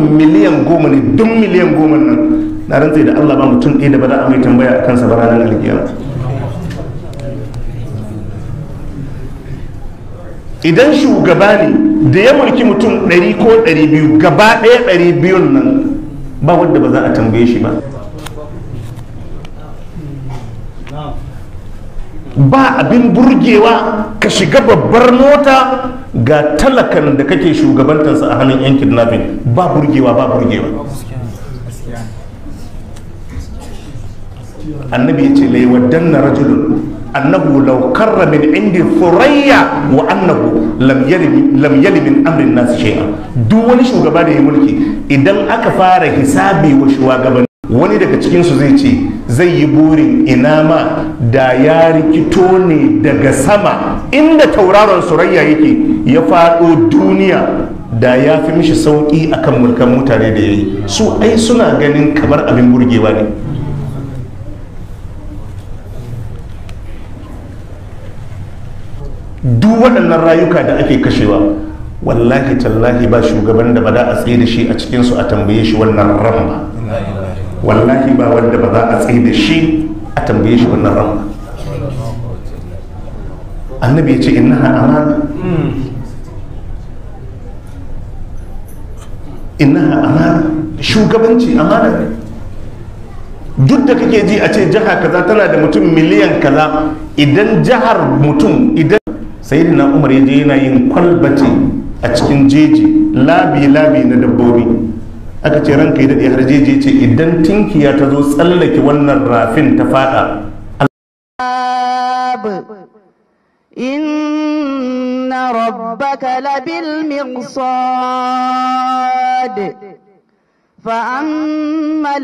miliyan goma ne duk miliyan goma nan na rantse da allah ba mutum ɗaya da ba za a mai tambaya a kansa ba ranar alkiyama idan shugaba ne da ya mulki mutum ɗari ko ɗari biyu gaba ɗaya ɗari biyun nan ba wadda ba za a tambaye shi ba ba abin burgewa ka shiga babbar mota ga talakan da kake shugabantarsa a hannun yan kidnapping ba burgewa ba burgewa annabi ya ce laiwaddan na rajulun annabu law karra min indi furayya wa annabu, lam amrin nasu shay'a duk wani shugaba da ya mulki idan aka fara hisabi wa shugabanni wani daga cikinsu zai ce zai yi burin ina ma da ya rikito ne daga sama inda tauraron surayya yake ya faɗo duniya da ya fi mishi sauƙi akan mulkan mutane da ya yi su ai suna ganin kamar abin burgewa ne duk waɗannan rayuka da ake kashewa wallahi tallahi ba shugaban da ba da a tsaye da shi a cikinsu a tambaye shi wannan ramba wallahi ba wanda ba za a tsaye da shi a tambaye shi wannan ran annabi ya ce a amana a amana shugabanci amana duk da kake ji a ce jiha kaza tana da mutum miliyan kaza idan jihar mutum idan sayyidina umar ya je yana yin kwalbati a cikin jeji labi-labi na dabbobi aka ce ranka yi daɗe har jeje ce idan tinkiya ta zo tsallake wannan rafin ta fada إن ربك لبالمرصاد فأما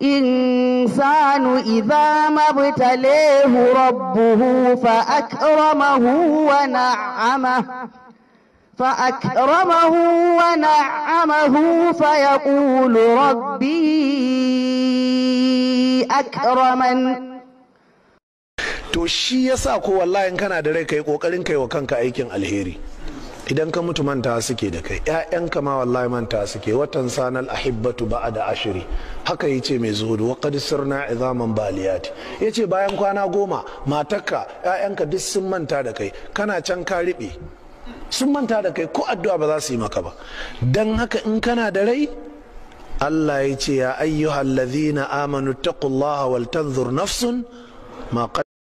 الإنسان إذا ما ابتليه ربه فأكرمه ونعمه فأكرمه ونعمه فيقول ربي أكرمن to shi yasa ko wallahi kana da rai kai kokarin kai wa kanka aikin alheri idan ka mutu manta suke da kai ƴaƴanka ma wallahi manta suke watan sanal ahibbatu ba'da ashiri haka yace mai zuhudu wa qad sirna izaman baliyat yace bayan kwana goma matarka ƴaƴanka duk sun manta da kai kana can ka riɓe sun manta da kai ko addu'a ba za su yi maka ba don haka in kana da rai Allah ya ce ya ayyuhallazina amanu taqullaha wal tanzur nafsun ma